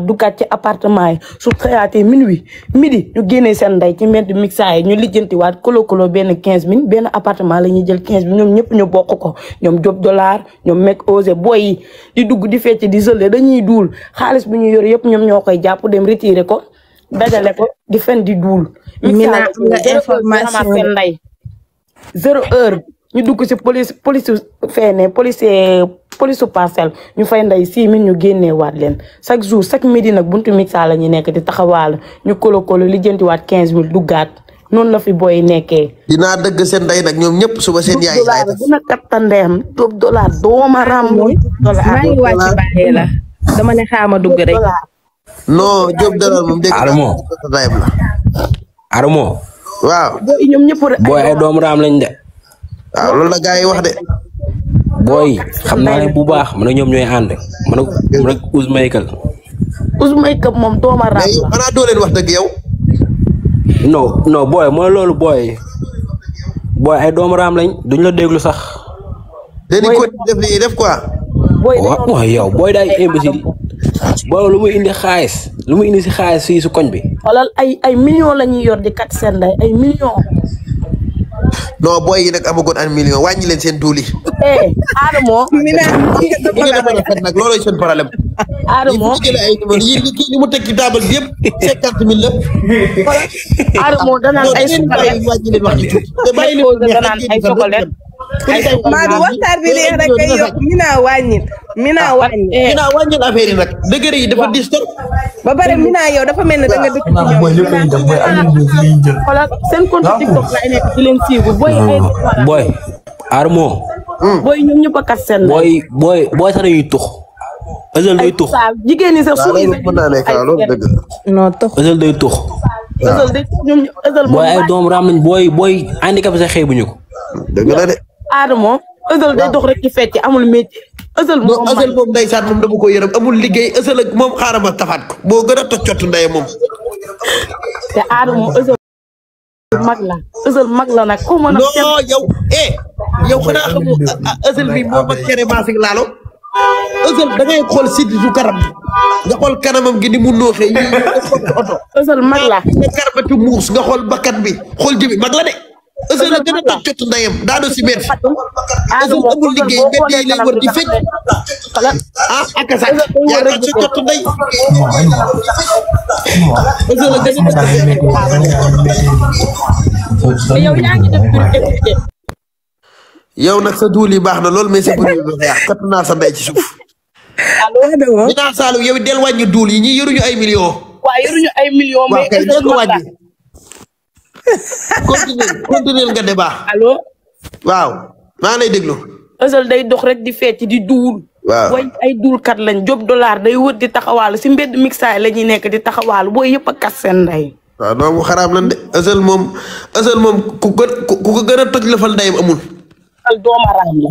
ak duggaat ci appartement yi su xëyaatee minuit midi ñu génnee seen ndey ci mbedd mixa yi ñu lijjantiwaat kolo kolo benn quinze mille benn appartement la ñuy jël quinze mille ñoom ñëpp ñu bokk ko ñoom job dollar ñoom mec osé boy yi di dugg di fecc di sële dañuy duul xaalis bu ñu yor yëpp ñoom ñoo koy jàpp dem retiré ko dajale ko di fen di duul mixa seen ndey zéro heure ñu dugg si police police feene police polisu parcelle ñu fay ndey six mille ñu génneewaat leen chaque jour chaque midi nag buntu mixa la ñu nekk di taxawaal ñu kolo kolo li jëntiwaat quinze mille duggaat noonu la fi booy nekkee. dinaa dëgg seen ndey nag ñoom ñëpp suba seen. yaay laay def dina kattan ndeyam top dollar dooma ram. maa ngi wàcc dugg rek. non Diop dalal moom Armo waaw. ñoom ñëpp rek. ay doomu lañ de. waaw loolu la yi wax de. booy xam naa ne bu baax man ak ñoom ñooy ànd man a man ak Michael. Ouz Michael moom dooma wax dëgg yow. non loolu booy booy ay lañ duñ la déglu sax. booy dañuy def li def quoi. booy waaw yow booy daay imbécile booy lu muy indi xaalis lu muy indi si xaalis fii si koñ bi. xoolal ay ay millions la ñuy yor di kat seen ay millions. non booy yi nag amagoon an million wàññi leen seen tuuli. eh Adamo. mi naan mi ngi dafa rafet nag loolooy mu teg ci table bi yëpp cinquante mille la. Adamo danaan ay sokoleen danaan ay sokoleen. Maodo waxtaan bi rek kay mi naa wàññil. mi naa wàññil mi naa wàññil yi nag dafa dis trop. ba pare mi naa yow dafa mel ne danga dëkk ci ñoom. seen compte TikTok laay nekk di booy. booy Adamo. Hmm. booy ñoom ñëpp a kat seen. booy booy booy sax dañuy tux. Ezel day tux jigéen ñi sax suñuy non tux Ezel day tux. booy ay doom raam nañ booy booy handicapé sax xëy bu ñu ko. dëgg la de. Adamo Ezel day dox rek ci fecc amul métier. Ezel moom Ezel moom moom dama ko yërëm amul liggéey moom xaaral ma ko boo gën a toccot ndey moom. te Adamo Ezel mag la Ezel mag la nag. ku mën a yow eh. yow xanaa xamu Ezel bi moo mag cere maasik laalo Ezel da ngay xool site su karam nga xool kanamam gi ni mu nooxee yi oto Ezel mag la nga karbati muus nga xool bakkat bi xool jëmi mag la de Ezel la gën a toj cot ndayam daado si met Ezel amul liggéey mbedd yi lay war di fecc ah ak sax yaa ngi sa cot nday Ezel la gën a toj yow yaa ngi def yow nag sa duul yi baax na lool mais sa bëri bi dafa yàq kat naa sa mbay ci suuf. allo. dinaa Saalum yow del wàññi duul yi ñi yoruñu ay millions. waaw yoruñu ay millions. mais est-ce maa ngi lay déglu. Ezel day dox rek di fecc di duul. waaw way ay duulkat lañ job dollar day wër di taxawaalu si mbedd mixaay la ñuy nekk di taxawaalu booy yëpp a kas seen ndey. waaw doomu xaraam lan de Ezel moom Ezel moom ku gën ku ko gën a toj la fa ndeyam amul. asal doomaraam la.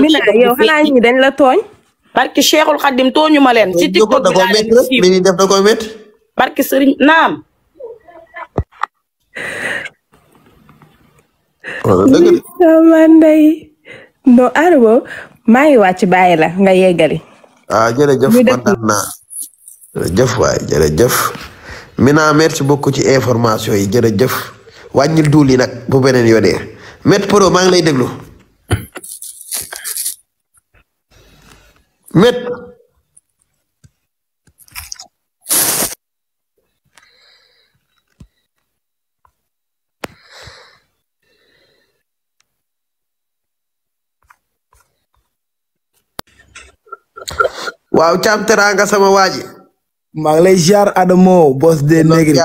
Mina yow xanaa ñi la tooñ. barki Cheikhul Khadim tooñu ma leen. ci tiktok bi laa leen siiw ñuy def da koo wét. barki sëriñ naam. sama ndey no Arbo maa la nga yeggali. ah jërëjëf kontaan naa jërëjëf waay jërëjëf. Mina merci beaucoup ci information yi jërëjëf wàññil duul yi nag bu beneen yoonee Met Pro maa ngi lay déglu. met waaw caam nga sama waaji maa ngi lay ziar Adamo boss de Negri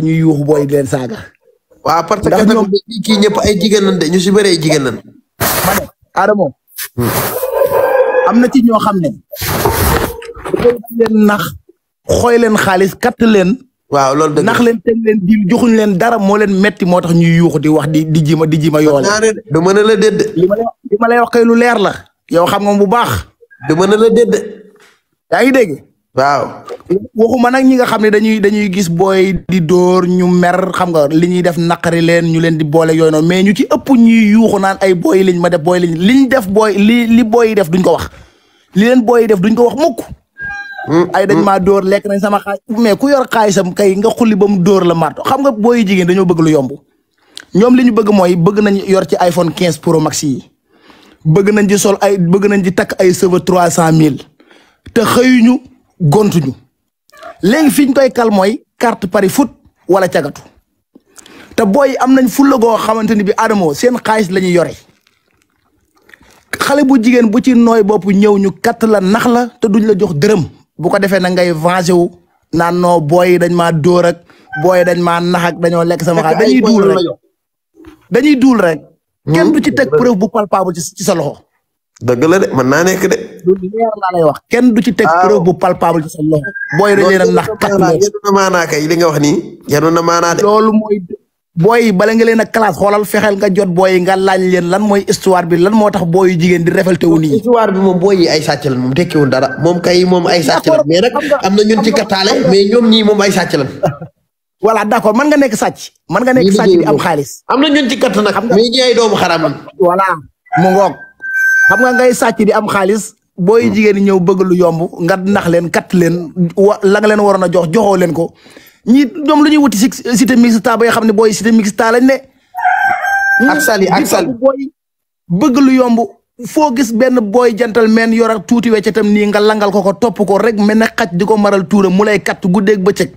ñu yuuxu booy di leen saaga. waaw parce que ñoom kii ñëpp ay jigéen lañ de ñu si bëree jigéen lañ. ma Adamo. Hmm. am na ci ñoo xam ne. nax xooy leen xaalis katt leen. waaw loolu dëgg nax leen teg leen di joxuñ leen dara moo leen metti moo tax ñuy yuuxu di wax di di ji di ji ma yoole. du mën a la dédd. li ma la lay wax lu leer la. yow xam nga bu baax. du mën a la dédd. yaa ngi waaw waxuma nag ñi nga xam ne dañuy dañuy gis booy di door ñu mer xam nga li ñuy def naqari leen ñu leen di boole yooyu noonu mais ñu ci ëpp ñu yuuxu naan ay booy liñ ma def booy liñ liñ def booy li li booy def duñ ko wax li leen booy def duñ ko wax mukk hmm, ay dañ hmm. maa door lekk nañ sama xaaj mais ku yor xaalisam kay nga xulli ba mu dóor la marto xam nga booy jigéen dañoo bëgg lu yomb ñoom li ñu bëgg mooy bëgg nañ yor ci iPhone quinze Pro Max yi bëgg nañ ci sol ay bëgg nañ ci takk ay cheveux 300000 te xëyuñu gontuñu léegi fi ñu koy kalmooy mooy pari foot wala cagatu te booy am nañ fulla goo xamante ni bi Adamo seen xaalis la ñuy yore xale bu jigéen bu ci nooy boppu ñëw ñu katt la nax la te duñ la jox dërëm bu ko defee na ngay vengé wu naan noo booy dañ maa dóor ak booy dañ maa nax ak dañoo lekk sama xaalis dañuy duul rek dañuy duul rek kenn du ci hmm, teg preuve bu palpable ci sa loxo dëgg la de mën naa nekk de. loolu leer wax kenn du ci teg preuve bu palpable ci sa booy yi dañuy nax kat la yenu na maanaa kay wax nii yenu na maanaa loolu mooy booy bala nga leen a classe fexeel nga jot booy nga laaj leen lan mooy histoire bi lan moo tax booy yu jigéen di révolté wu nii. histoire bi moom booy ay sàcc lan moom tekkiwul dara moom kay moom ay sàcc lan mais am na ñun ci kattaale mais ñoom ñii moom ay sàcc lan. voilà d' accord mën nga nekk sàcc. mën nga nekk sàcc di am xaalis. am na ñun ci katt nag mais doom ay doomu xaram voilà mu ngoog xam nga ngay sàcc di am xaalis booy hmm. jigéen ñi ñëw bëgg lu yomb nga nax leen kat leen wa la leen waroon a jox joxoo leen ko ñi ñoom lu ñuy wuti si cité mixta ba nga xam ne booy cité mixta lañ ne. Hmm. ak sali ak sali booy bëgg lu yomb. foo gis benn booy jantal men yor ak tuuti weccetam nii nga langal ko ko topp ko rek mel ne xaj di ko maral tuuram mu lay kat guddeeg bëccëg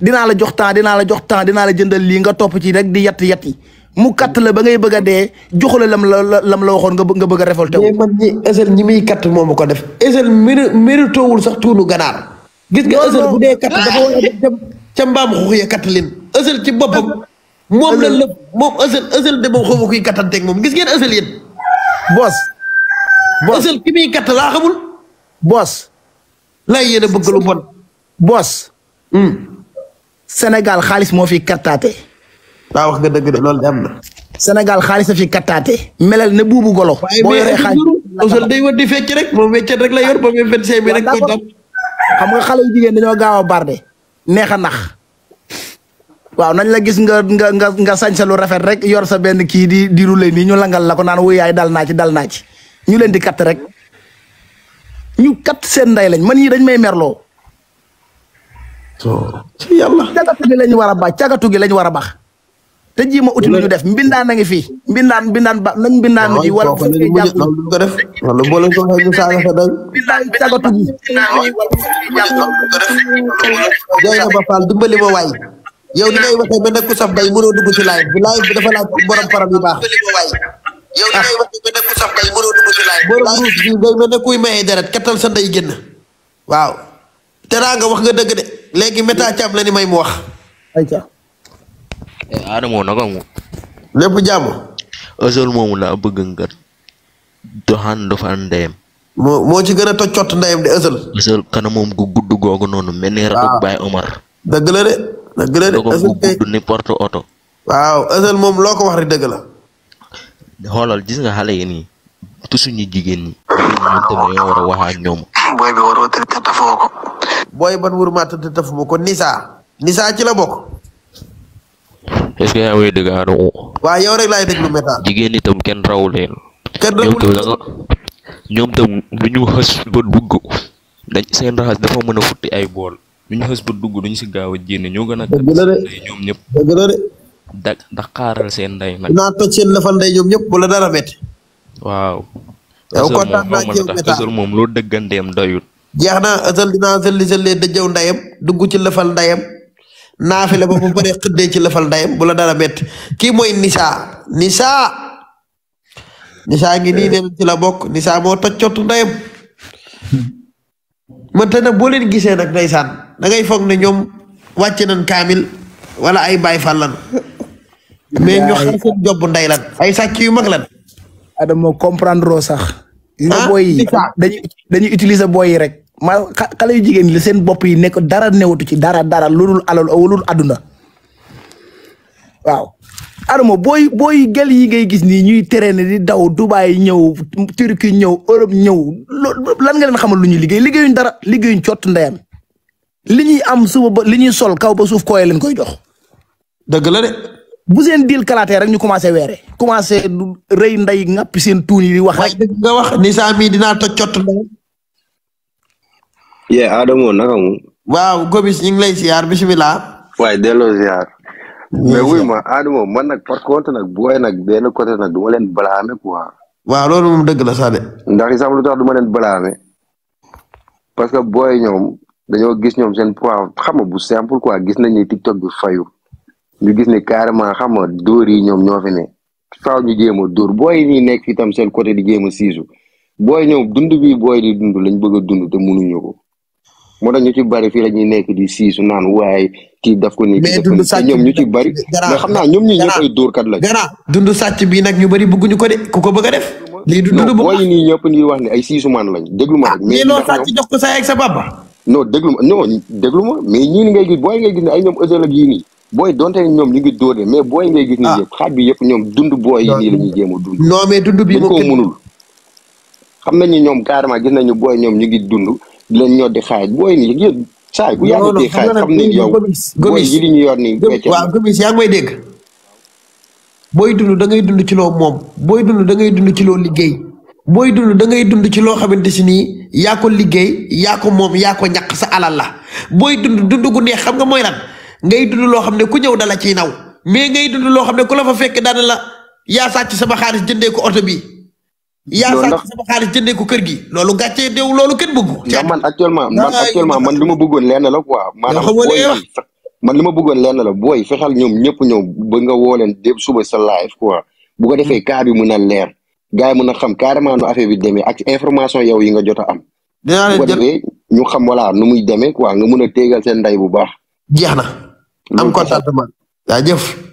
dinaa la jox temps dinaa la jox temps dinaa la jëndal lii nga topp ci rek di yatti yatti mu katt la ba ngay bëgg a dee joxule lam la lam la waxoon nga nga bëgg a révolté wu. man ñi Ezel ñi muy katt moomu ko def Ezel mérite méritewul sax tuunu ganaar gis nga Ezel bu dee katt dafa a mbaam xux ya katt ci boppam. moom la lépp moom Ezel moom xamu kuy kattanteeg moom gis laa xamul. boos. lay yéen a bëgg lu bon. boos. Hmm. Sénégal xaalis moo fi kattaate. waaw dëgg de loolu de na. Sénégal xaalis a fi kattaate. melal na buubu golo. boo yoree xaalis waaye day di fecc rek moom weccet rek la yor ba même 25 bi rek. koy dab xam nga xale yu jigéen dañoo gaaw a barde. neex a nax. waaw nañ la gis nga sañ sa lu rafet rek yor sa benn kii di di rouler nii ñu langal la ko naan wuy yaay dal naa ci dal naa ci ñu leen di kat rek ñu katt seen nday lañ man yii dañ may merloo. so oh, ci yàlla. cagatu gi lañ war a baax gi lañ war a baax. te ji ma uti lu def mbindaan a ngi fi mbindaan mbindaan ba nañ mbindaan ji wala bu fekkee jàpp ko def wala boo leen ko waxee ñu mbindaan ba faal dimbali ma waay yow ni ngay waxee ba nekk ku saf day mënoo dugg ci live bi live bi dafa laaj borom param yu baax yow ni ah. ngay waxee ba nekk saf day mënoo dugg ci live borom bi day mel ne kuy mayee deret kettal sa ndey génn waaw te nga wax nga dëgg de léegi méta cab la may mu wax Adamo naka mu. lépp jàmm. Ezel moomu la bëgg nga doxaan dafa ndeyam. moo moo ci gën a toj cott ndeyam di Ezel. kana moom gu gudd googu noonu mel ni radu ah. Baye Omar. dëgg la de gu gudd ni porte oto. waaw Ezel moom loo ko wax rek dëgg xoolal gis nga xale yi nii tusuñu jigéen ñi. ñoom tamit ñoo war a wax ñoom. booy bi waroo tëdd tafoo ko. booy ban wóor maa tëdd tafu ma ko nisaa Nisa ci la bokk. est ce que yaa ngi may dégg Adamo. waaw rek laay déglu métal. jigéen itam kenn raw leen. kenn raw leen ñoom itam lu ñu xës ba dugg dañ seen raxas dafa mën a futti ay bool. lu ñu xës dugg duñ si gaaw a jénne ñoo gën a. dëgg da ndax xaaral seen ndey nag. naa toj seen lafal nday ñoom ñëpp wala dara métti. waaw. yow kontaan naa jéem métal Ësël moom loo dëgganteem doyul. jeex na Ësël dinaa Ësël li Ësël lee dëjëw ndeyam dugg ci lafal ndeyam naafile ba bu bëree xëddee ci lëfal ndayam bu la dara bett kii mooy Nisaa Nisaa Nisaa ngi nii dem ci la bokk Nisaa moo toj cottu ndayam mënta nag boo leen gisee nag ndeysaan da ngay foog ne ñoom wàcc nañ kaamil wala ay baay fal lan mais ñu xam seen job nday lan ay sàcc yu mag lan adama comprendre sax. ah Nisaa dañuy dañuy utiliser booy yi rek. ma xale yu jigéen ñi seen bopp yi nekk dara newatu ci dara dara loolul alal walul àdduna waaw adama booy booy gel yi ngay gis nii ñuy traîner di daw Dubaay ñëw Turquie ñëw Europe ñëw lan nga leen xamal lu ñuy liggéey liggéeyuñ dara liggéeyuñ cott ndeyam li ñuy am suba ba li ñuy sol kaw ba suuf kooye leen koy dox dëgg la de. bu seen diil kalaatee rek ñu commencé weere commencé rëy nday ŋàpp seen tu yi wax. waaye dëgg wax ni saa mii dinaa toj cott ndeyam yee Adamo naka mu. waaw Gomis ñu ngi lay ziar bisimilah. waaye delloo ziar. mais wuy ma Adamo man nag par contre nag booy nag benn côté nag du ma leen blâmer dëgg la sax ndax i sax lu tax du ma parce que booy ñoom dañoo gis ñoom seen poids xam nga bu simple quoi gis nañ ni TikTok bi fayu ñu gis ne carrément xam nga dóor yi ñoom ñoo fi ne faaw ñu jéem a dóor booy yi nekk itam seen côté di jéem a siisu booy ñoom dund bi booy di dund lañ bëgg a dund te mënuñu ko. moo tax ñu ci bari fii la ñuy nekk di siisu naan waaye kii daf ko nii. mais dund sàcc ñoom ñu bari. xam naa ñoom ñi ñëpp ay dóorkat lañ. gannaaw dund sàcc bii nag ñu bari ñu ko de ku ko bëgg a def. lii du dund bu baax nii ñëpp ñuy wax ne ay siisumaan lañ déglu ma rek. mais ah, loo sàcc jox ko sa ak sa papa. non déglu ma non déglu ma mais ñii ngay booy ngay gis ne ay ñoom ësël booy donte ñoom ñu ngi dóor mais booy ngay gis. ah nii yëpp xaaj bi yëpp ñoom dund booy yi nii la ñuy jéem a dund. non mais dund bi moo ko mënul xam nañu ñoom carrément gis boo booy ñoom ñu ngi dund di leen ñoo di xaaj booy nii yéen saa yi bu yàggatee xaaj xam ne yow booy yi li ñu yor yaa ngi may dégg booy dund da ngay dund ci loo moom booy dund da ngay dund ci loo liggéey booy dund da ngay dund ci loo xamante si nii yaa liggéey yaa moom yaa ko sa alal la booy dund dund gu neex xam nga mooy lan ngay dund loo xam ne ku ñëw dala ciy naw mais ngay dund loo xam ne ku la fa fekk daana la yaa sàcc sama xaalis jëndee ko oto bi yaa sàcc sama xaalis jëndee ko kër gi. loolu gàccee dew loolu kenn bëggu. caa man actuellement man actuellement man li ma bëggoon lenn la quoi. maanaam booy man li ma bëggoon lenn la booy fexeel ñoom ñëpp ñëw ba nga woo leen dégg suba sa live quoi. bu ko defee hmm. cas bi mën a leer. gars yi mën a xam carrément nu affaire bi demee ak information yow yi nga jot am. dinaa ko defee ñu xam voilà nu muy demee quoi nga mën a téegal seen ndey bu baax. jeex na am contentement yaa jëf.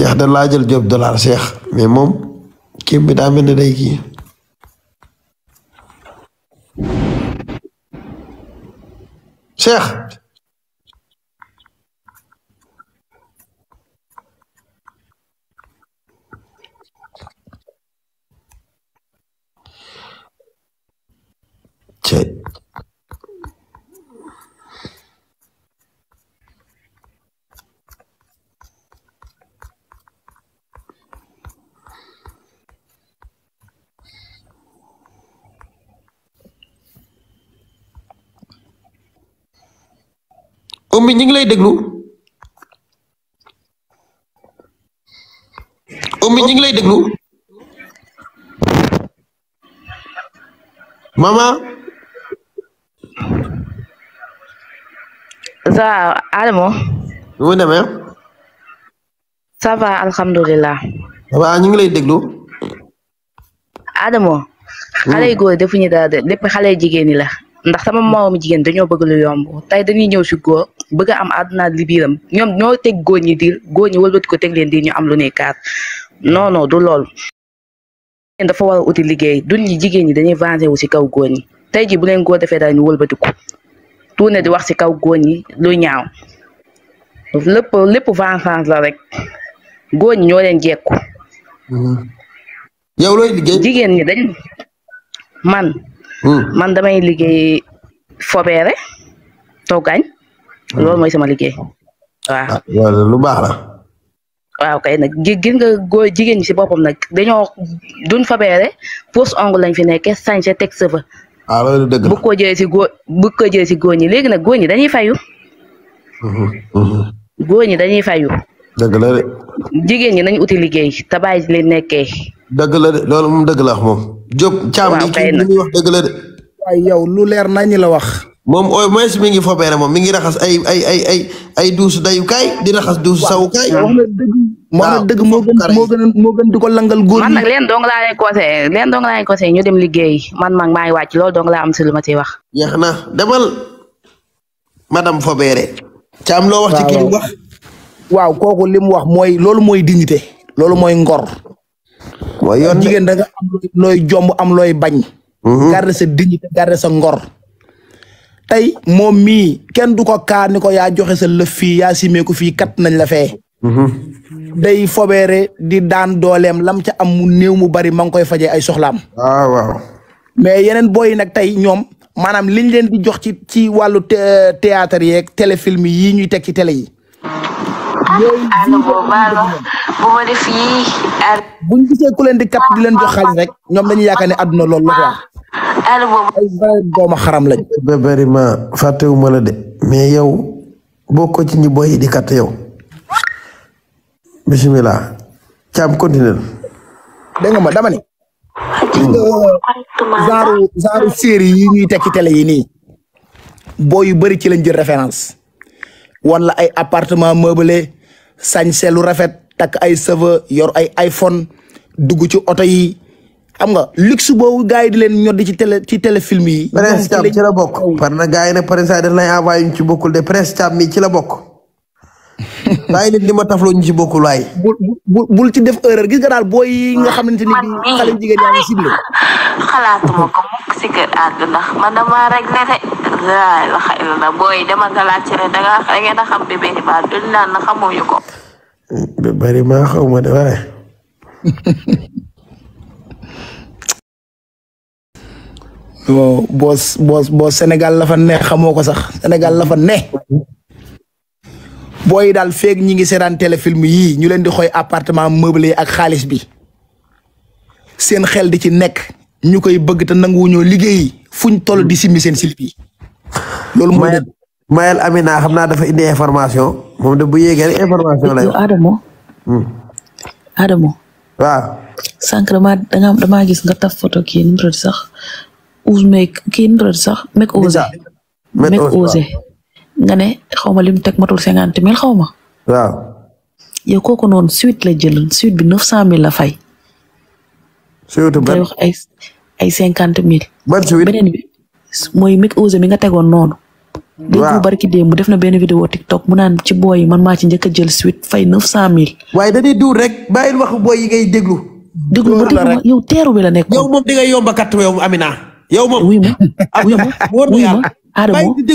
Cheikh da laa jël job dollar Cheikh mais moom kéem bi daa mel ne day kii. Cheikh. ummi ñu ngi lay déglu ummi ñu ngi lay déglu mama ça Adamo nu mu demee ça va alhamdulilah ñu ngi lay déglu Adamo xale yu góor defuñu de lépp xale jigéen ñi la ndax sama moromu jigéen dañoo bëgg lu yomb tey dañuy ñëw si góor bëgg am àdduna li biiram ñoom ñoo teg góor ñi diir góor ñi wëlbati ko teg leen diir ñu am lu ne kaar non non du loolu dafa war uti liggéey duñ ñi jigéen ñi dañuy venger wu si kaw góor ñi tey ji bu leen góor defee dara ñu wëlbatiku tuune di wax si kaw góor ñi lu ñaaw lépp lépp vengeance la rek góor ñoo leen jekku mm-hmm. yow looy ñi dañ man Hmm. man damay liggéey fobeere toggaañ hmm. loolu mooy sama liggéey waaw ah, loolu lu baax la waaw kay nag gis nga góor jigéen ñi si boppam nag dañoo duñ fabeere pose ongle lañ fi nekke sañse teg safa fa ah, ko jëlee si góor bu ko jëlee si ñi léegi nag góor ñi dañuy fayu hmm, góor ñi dañuy fayu dëgg la de jigéen ñi nañ uti liggéey te bàyyi li nekkee dëgg la de loolu moom dëgg la wax moom. Diop caam li kii li wax dëgg la de. waaw yow lu leer nañu la wax. moom au moins mi ngi fobeere moom mi ngi raxas ay ay ay ay ay duusu dayukaay di raxas duusu sawukaay. waaw wax dëgg moo gën moo gën moo gën di ko langal góor man nag leen dong laa leen conseillé leen dong laa leen conseillé dem liggéey man mag maa ngi wàcc loolu dong laa am si lu ma ciy wax. yéex na demal madame fobeere. caam loo wax ci kii wax. waaw kooku li mu wax mooy loolu mooy dignité loolu mooy ngor. mooy yoon jigéen da am looy jomb am looy bañ. Mhm. garder sa dignité garder sa ngor. tey moom mi kenn du ko kaa ni ko yaa joxe sa lëf fii yaa simee ko fii kat nañ la fee. Mhm. day fobeere di daan dooleem lam ca am mu néew mu bari ma ngi koy fajee ay soxlaam. waaw ah, waaw. mais yeneen boy yi nag tey ñoom maanaam liñ leen di jox ci ci wàllu théâtre yeeg téléfilm yii ñuy teg ci tele yi. ànd bu ma def leen di kat di leen jox rek ñoom dañuy yaakaar ne àdduna loolu la quoi. ànd boobu ay doomu xaram lañ. ba bëri ma fàttewuma la de mais yow bokkoo ci ñi boy di kat yow. bisimilah. Thiam continue. dégg nga ma dama ni. genre genre série yi ñuy tekki télé yi nii. boo yu bëri ci lañ jël référence. wala ay appartement meublé sañse lu rafet takk ay cheveux yor ay iPhone dugg ci oto yi nga luxe boobu gars yi di leen ñoddi ci télé ci téléfilm yi. presse tam ci la bokk. Ah par na gars yi ne presse daf lay envoyé ñu ci bokkul de presse tam mi ci la bokk. bàyyi leen di ma tafloo ñu ci bokkul bul bul bul ci def erreur gis nga daal booy nga xamante ni bii xale jigéen yaa ngi ciblé. xalaatuma ko mukk si kër àdd ndax ne de la xëy na booy dama nga laajte ne da ngaa da ngeen a naan na xamuñu ko. bébé Riba xaw boo boo boo Sénégal la fa xamoo ko sax Sénégal la booy daal feek ñi ngi seetaan téléfilm yii ñu leen di xooy appartement meublé ak xaalis bi seen xel di ci nekk ñu koy bëgg te nanguwuñoo liggéey fuñ toll di simmi seen silip yi loolu mooy Amina xam naa dafa indi information moom de bu yéegee rek information lay Adamo hmm. Adamo waaw sànq damaa gis nga taf photo kii nu sax ouz meeg kii nu sax meeg osé nga ne xaw ma lim teg matul cinquante mille xawma ma. waaw. yow kooku noonu suite la jël suite bi neuf cent mille la fay. suite wax ay ay cinquante mille. ban suite beneen bi mooy Mick Ose mi nga tegoon noonu. waaw dégg barki démb def na benn vidéo TikTok mu naan ci booy yi man maa ci njëkk a jël suite fay neuf cent mille. waaye dañuy duur rek bàyyil waxu booy yi ngay déglu. déglu ba déglu yow teeru bi la nekk. yow moom di nga yomb a yow Amina. yow moom wuy ma wuy ah, ma wuy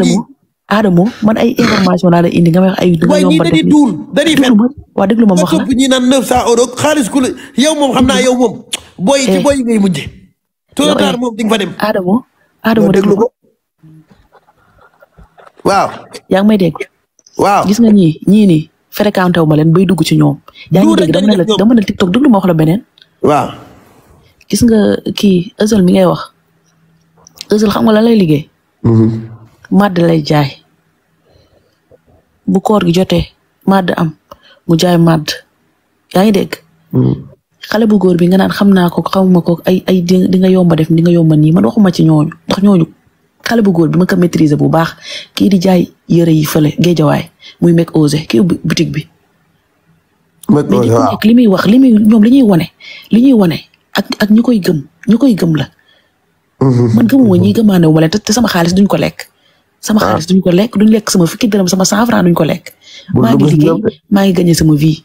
Adamo Adamo man ay information laa la indi nga may wax ay. du ma yomb a def nii waaye ñii dañuy duul dañuy fen. waaw déglu ma ma xam ku yow moom xam naa eh. yow moom. booy ci eh. booy ngay mujje tôt ou tard moom di nga fa dem. Adamo Adamo déglu ko. waaw. yaa ngi may dégg. gis nga ñii ñii nii fréquenté wu ma leen bay dugg ci ñoom. yaa ngi dégg dama ne la dama ne TikTok wax la beneen. waaw. gis nga kii Ezel mi ngay wax Ezel xam nga lay liggéey. Mhm. màdd lay jaay bu koor gi jotee màdd am mu jaay màdd yaa ngi dégg. Hmm. xale bu góor bi nga naan xam naa ko xamuma ko ay ay di yomba def ni nga yomba nii man waxuma ci ñooñu ndax ñooñu xale bu góor bi ma ko maîtriser bu baax kii di jaay yëre yi fële géejawaay muy Mec Ozé kii boutique bi. Mec Ozé li muy wax li muy ñoom li ñuy wane li ñuy wane ak ak ñu koy gëm ñu koy gëm la. Hmm. man gëmuma ñi gëmaane wala te sama xaalis duñ ko lekk. sama xaalis duñ ko lekk duñ lekk sama fukki dërëm sama cent franc duñ ko lekk. maa ngi liggéey maa ngi gagné sama vie.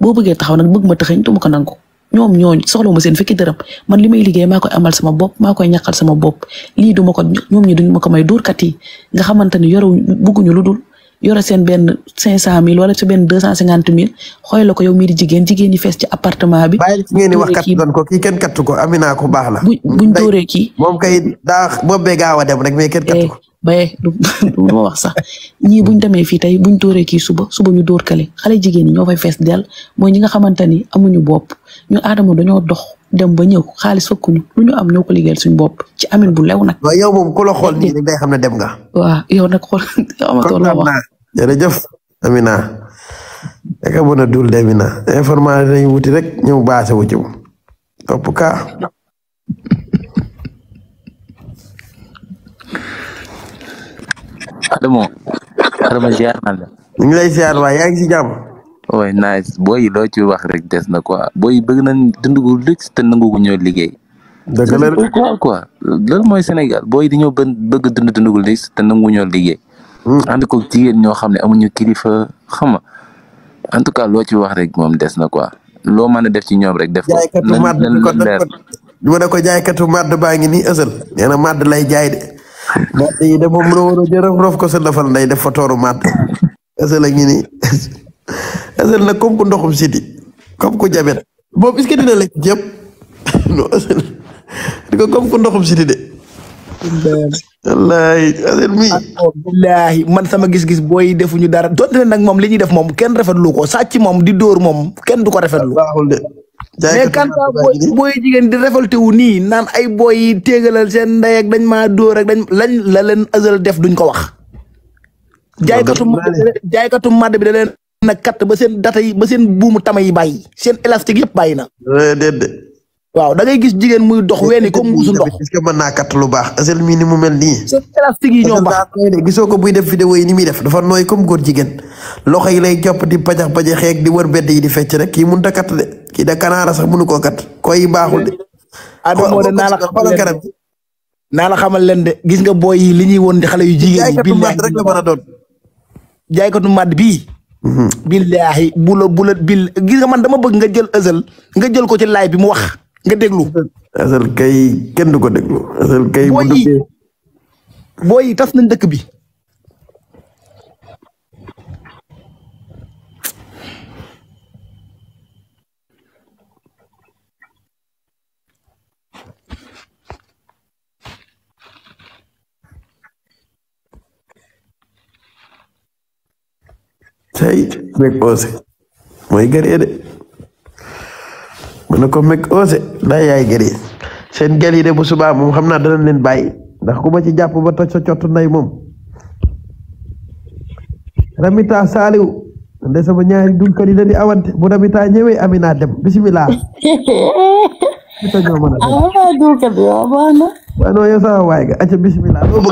boo bëggee taxaw nag bëgg ma taxañ tu ma ko nangu ñoom ñooñ soxla ma seen fukki dërëm man li may liggéey maa koy amal sama bopp maa koy ñaqal sama bopp lii du ma ko ñoom ñi duñ ma ko may dóorkat yi nga xamante ne yorewu bëgguñu lu dul yore seen benn cinq cent mille wala su benn deux cent cinquante mille xooy la ko yow mii di jigéen jigéen ñi fees bi. bàyyi ngeen di wax kat doon ko kii kenn kattu ko Amina ko baax na. buñ buñ dóoree kii. moom kay daa boobu ko. Eh. baye du ma wax sax ñii buñ demee fii tey buñ dóoree kii suba suba ñu dóor kale xale jigéen ñoo fay fees dell mooy ñi nga xamante ni amuñu bopp ñu aadama dañoo dox dem ba ñëw xaalis fëkkuñu lu ñu am ñoo ko liggéeyal suñu bopp ci amin bu lew nag. waaw yow moom ku la xool nii day xam ne dem nga. waaw yow nag xool amatoo la wax jërëjëf Amina. daka mën a dul Amina information yi wuti rek ñëw baase wu ci topp ka Adamo Adamo ziar naa la. ñu lay ziar waay yaa ngi si jàmm. oui booy loo ci wax rek des na quoi booy bëgg nañ dund gu luxe te nangu gu ñoo liggéey. dëgg la de quoi quoi loolu mooy Sénégal booy dañoo bëgg a dund dund gu luxe te nangu ñoo liggéey. Hmm. ànd ko jigéen ñoo xam ne amuñu kilifa xam nga en tout cas loo ci wax rek moom des na quoi loo mën a def ci ñoom rek. def ko nan nan leer jaaykatu màdd ko jaaykatu màdd baa ngi nii ësal matt yi de moom la war a jërëf rof ko sa lafal nday def fa tooru matt a ngi ni asel ku ndoxum siti comme ku jabet boobu est dina lekk jëpp non asel di ko comme ku ndoxum siti de wallaahi man sama gis-gis booy defuñu dara donte ne nag moom li ñuy def moom kenn rafetlu ko sàcc moom di dóor moom kenn du ko rafetlu. baaxul de mais kan booy booy jigéen di révolté wu nii naan ay booy yi téegalal seen ndey dañ ma dóor ak dañ lañ la leen azal def duñ ko wax. jaay jaaykatu madd bi da leen na kat ba seen data yi ba seen buumu tama yi bàyyi seen élastique yëpp bàyyi na. Eh, waaw da ngay gis jigéen muy dox weeni comme mbuusu ndox. est-ce lu baax asel mii ni mu mel nii. c'est élastique gisoo ko buy def vidéo yi ni muy def dafa nooy comme góor jigéen loxo yi lay jopp di pajax pajax xeeg di wër bedd yi di fecc rek kii mënut a kii da kanaara sax mënu koo kat koy baaxul de. Adamo de naa la xamal leen de gis nga booy li ñuy woon di xale yu jigéen yi. billahi rek la mën a doon. jaaykatu màdd bii. Mhm. billahi bu la bu la bill gis nga man dama bëgg nga jël ësël nga jël ko ci laay bi mu wax nga déglu. asal kay kenn du ko déglu. asal kay bu duggee tas nañ dëkk bi. tey rek aussi mooy gëree de. mu ne ko meg ose yaay gëri seen gel yi de xam naa danañ leen bàyyi ndax ku ma ci jàpp ba toj sa cott nday ramita saaliw nde sama ñaari di awante bu ramita ñëwee amina dem a waay nga a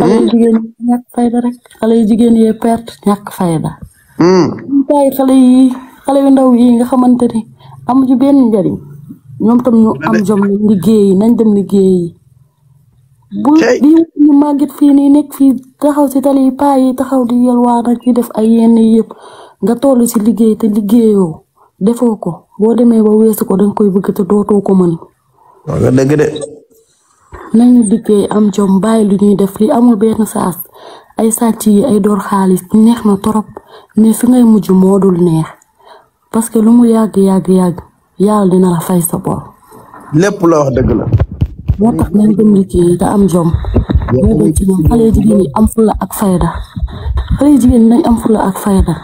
waxaat xale yu jigéen ñàkk fayda rek xale yu yee perte ñàkk fayda hmm. bàyyi xale yi xale yu ndaw yi nga xamante ne amu ci benn njariñ ñoom tam ñu am jom liggéey nañ dem liggéey bu di ñu màgget fii nii nekk fii taxaw si tali yi paa taxaw di yalwaan ak di def ay yenn yëpp nga toll si liggéey te liggéeyoo defoo ko boo demee ba weesu ko danga koy bëgg te dootoo ko mën. waaw nga de. nañu liggéey am jom bàyyi lu ñuy def li amul benn saas ay sàcc yi ay door xaalis neex na torop ne fi ngay mujj moo dul neex parce que lu mu yàgg yàgg yàgg yàlla dina la fay sa bor. lépp la wax dëgg la. moo tax nañ dem liggéey te am jom. moo gën ci am fulla ak fayda xale am fulla ak fayda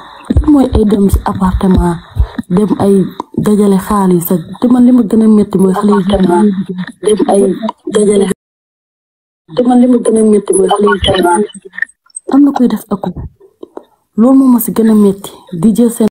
mooy ay dem si appartement dem ay dajale xaalis ak te man li ma gën a métti am na koy def ëkku loolu moom ma si gën a metti di jël seen